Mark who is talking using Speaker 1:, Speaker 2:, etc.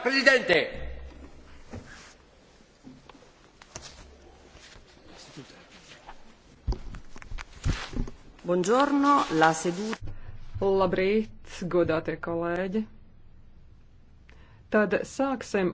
Speaker 1: Presidente!
Speaker 2: Buongiorno, la
Speaker 3: seduta. Labrīt, godātie kolēģi! Tad sāksim